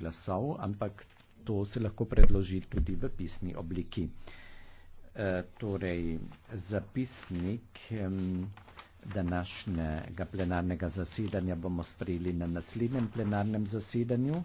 glasov, ampak to se lahko predloži tudi v pisni obliki. E, torej, zapisnik em, današnjega plenarnega zasedanja bomo sprejeli na naslednjem plenarnem zasedanju.